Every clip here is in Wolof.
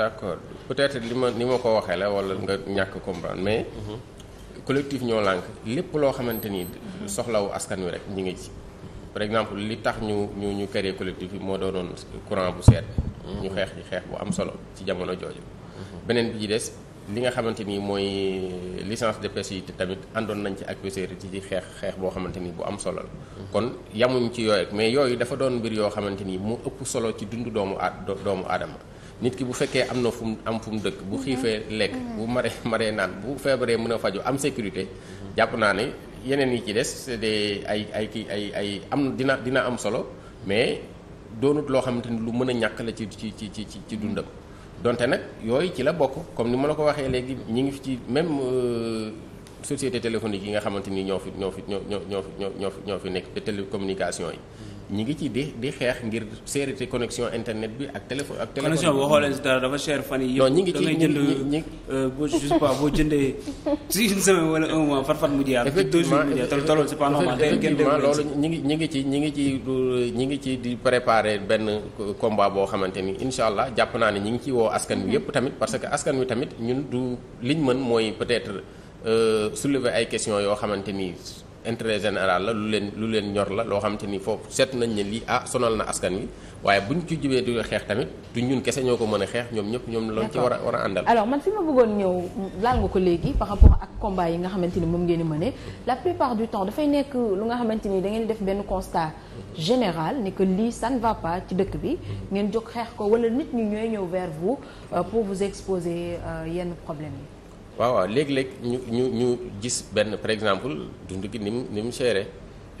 d'accord peut-être li ma ni ma ko waxee la wala nga ñàkk comprendre mais. Mhm. collectif ñoo lànk lépp loo xamante ni soxlawu askan wi rek ñu ngi ci. par exemple li tax ñu ñu ñu créé collectif bi moo doonoon courant bu seet. ñu mhm. xeex ci xeex bu am solo ci jamono jooju. Mhm. beneen bi ci des li nga xamante ni mooy licence de pêche yi tamit àndoon nañ ci ak pêcheurs yi ci xeex xeex boo xamante ni bu am solo la. kon yamuñ ci yooyu rek mais yooyu dafa doon mbir yoo xamante ni mu ëpp solo ci dundu doomu aad doomu aadama. nit ki bu fekkee am na fu mu am fu mu dëkk bu xiifee lekk mhm. bu maree maree naan bu feebaree mën a faju am sécurité jàpp naa ne yeneen yi ci des c'est des ay ay kii ay ay am dina dina am solo mais doonut loo xamante ni lu mën a ñàkk la ci ci ci ci ci dundam donte nag yooyu ci la bokk comme ni ma la ko waxee léegi ñi ngi fi ci même euh, société téléphonique yi nga xamante ni ñoo fi ñoo fi ñoo ñoo ñoo fi ñoo fi ñoo fi nekk te télécommunication yi ñi ngi ci di di xeex ngir séerité connexion internet bi ak téléphone ak téléphone connexion boo xoolee si dara dafa cher fan yii yëpp. ñi ngi ci da ngay jënd euh, boo je sais pas boo jëndee si une semaine wala un mois far far mu jaar. effectivement deux jours mu jaar tol tolloon ngi ñi ngi ci ñi ngi ci ñi ngi ci di préparer benn combat boo xamante ni incha allah jàpp naa ne ñi ngi ci woo askan wi yëpp tamit parce que askan wi tamit ñun du liñ mën mooy peut-être euh, soulever ay questions yoo xamante nii intérêt général la lu leen lu leen ñor la loo xamante ni foofu seet nañ ne lii ah sonal na askan wi waaye buñ ci jubee di xeex tamit du ñun kese ñoo ko mën a xeex ñoom ñëpp ñoom loolu ci war a war a àndal alors man fi ma bëggoon ñëw laal nga ko léegi par rapport ak combat yi nga xamante ni moom ngeen di mëne la plupart du temps dafay nekk lu nga xamante ni da ngeen def benn constat général ni que lii san ne ci dëkk bi ngeen jóg xeex ko wala nit ñi ñooy ñëw vers vous euh, pour vous exposer euh, yenn problème waaw waaw léeg-léeg ñu ñu ñu gis benn par exemple dund gi ni mu ni mu chéré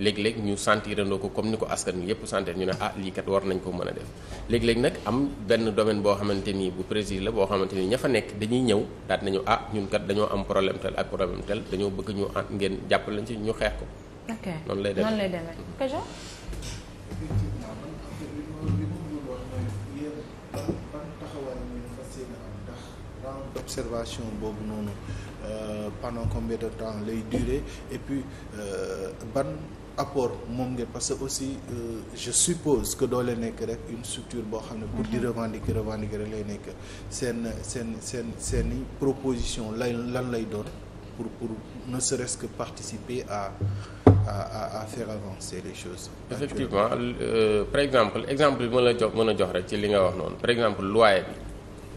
léeg-léeg ñu sentirandoo ko comme ni ko askan wi yëpp sentir ñu ne ah lii war nañ ko mën a def léeg nag am benn domaine boo xamante ni bu précis la boo xamante ni ña fa nekk dañuy ñëw daat nañu ah ñun dañoo am problème tel ak problème tel dañoo bëgg ñu ngeen jàppale lañ ci ñu xeex ko. lay demee temps d'observation boobu noonu euh, pendant combien de temps lay durer et puis euh, ban apport moom nga parce que aussi euh, je suppose que doo nekk rek une structure boo xam ne pour di mm-hmm. revendiquer revendiquer rek lay nekk seen seen seen seen i proposition lay lan lay doon pour pour ne serait-ce que participer à à à faire avancer les choses. effectivement par exemple exemple bi a la jox mën a jox rek ci li nga wax noonu par exemple loi bi.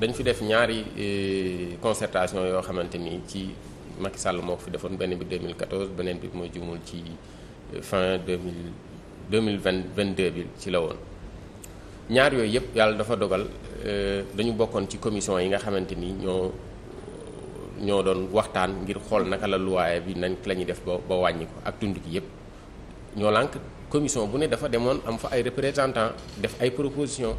dañu fi def ñaari e, concertation yoo xamante ni ci Macky Sall moo ko fi defoon benn bi 2014 beneen bi mooy jumul ci e, fin 2000 2022 bi ci la woon ñaar yooyu yëpp yàlla dafa dogal e, dañu bokkoon ci commission yi nga xamante nii ñoo ñoo doon waxtaan ngir xool naka la luwaay bi nañ la ñuy def ba wàññi ko ak tund gi yëpp ñoo lank commission bu ne dafa demoon am fa ay représentant def ay proposition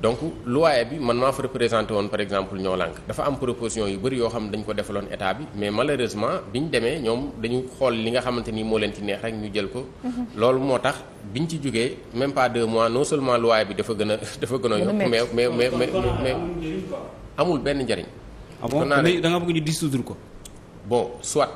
donc loi bi man maa fa représenté woon par exemple ñoo lànk dafa am proposition yu bëri yoo xam ne dañ ko defaloon état bi mais malheureusement bi ñu demee ñoom dañu xool li nga xamante ni moo leen ci ñu jël ko. Mhm. loolu moo tax bi ñu ci jógee même pas deux mois non seulement loi bi dafa gën a dafa gën a yokk. mais mais mais mais amul benn njëriñ. kon ah naa da nga bëgg ñu dissoudre ko. bon soit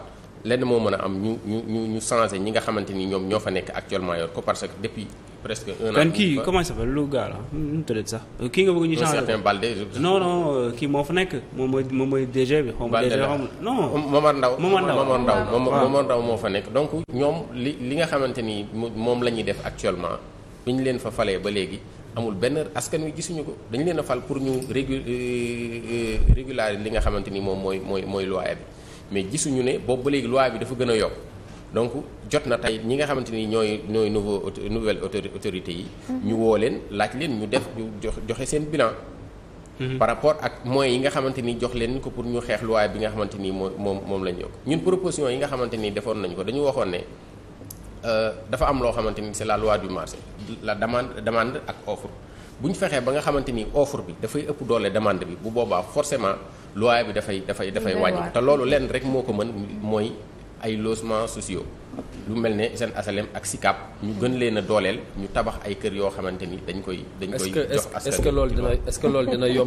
lenn moo mën a am ñu ñu ñu ñu ñi nga xamante ni ñoom ñoo fa nekk actuellement yor ko parce que depuis. presque un kan kii comment il s'appelle lu gaa la nu mu tuddati sax. kii nga bëgg ñu changer certain Balde. non euh, kii moo fa nekk moom mooy moom mooy DG bi. xaw ma DG xaw ma non. Momar Ndao Momar Ndao ah. Momar Ndao moo fa nekk. donc ñoom li li nga xamante ni moom la ñuy def actuellement bi ñu leen fa falee ba léegi amul benn askan wi gisuñu ko dañu leen a fal pour ñu régu euh, euh, régulariser li nga xamante ni moom mooy mooy mooy loi bi mais gisuñu ne boobu ba léegi loi bi dafa gën a yokk. donc jot na tey ñi nga xamante ni ñooy ñooy nouveau nouvelle autorité yi. Mhm. ñu woo leen laaj leen ñu def ñu jox joxe seen bilan. Mhm. par rapport ak moyens yi nga xamante ni jox leen ko pour ñu xeex luwaay bi nga xamante ni moom moom lañ yokk ñun proposition yi nga xamante ni defoon nañ ko dañu waxoon ne. Euh, dafa am loo xamante ni c'est la loi du marché la demande demande ak offre bu fexee ba nga xamante ni offre bi dafay ëpp doole demande bi bu boobaa forcément loi bi dafay dafay dafay wàññi te loolu lenn rek moo ko mën mooy ay logements sociaux lu mel ne seen asalem ak SICAP ñu gën leen a dooleel ñu tabax ay kër yoo xamante ni dañ koy dañ koy jox askan est dina est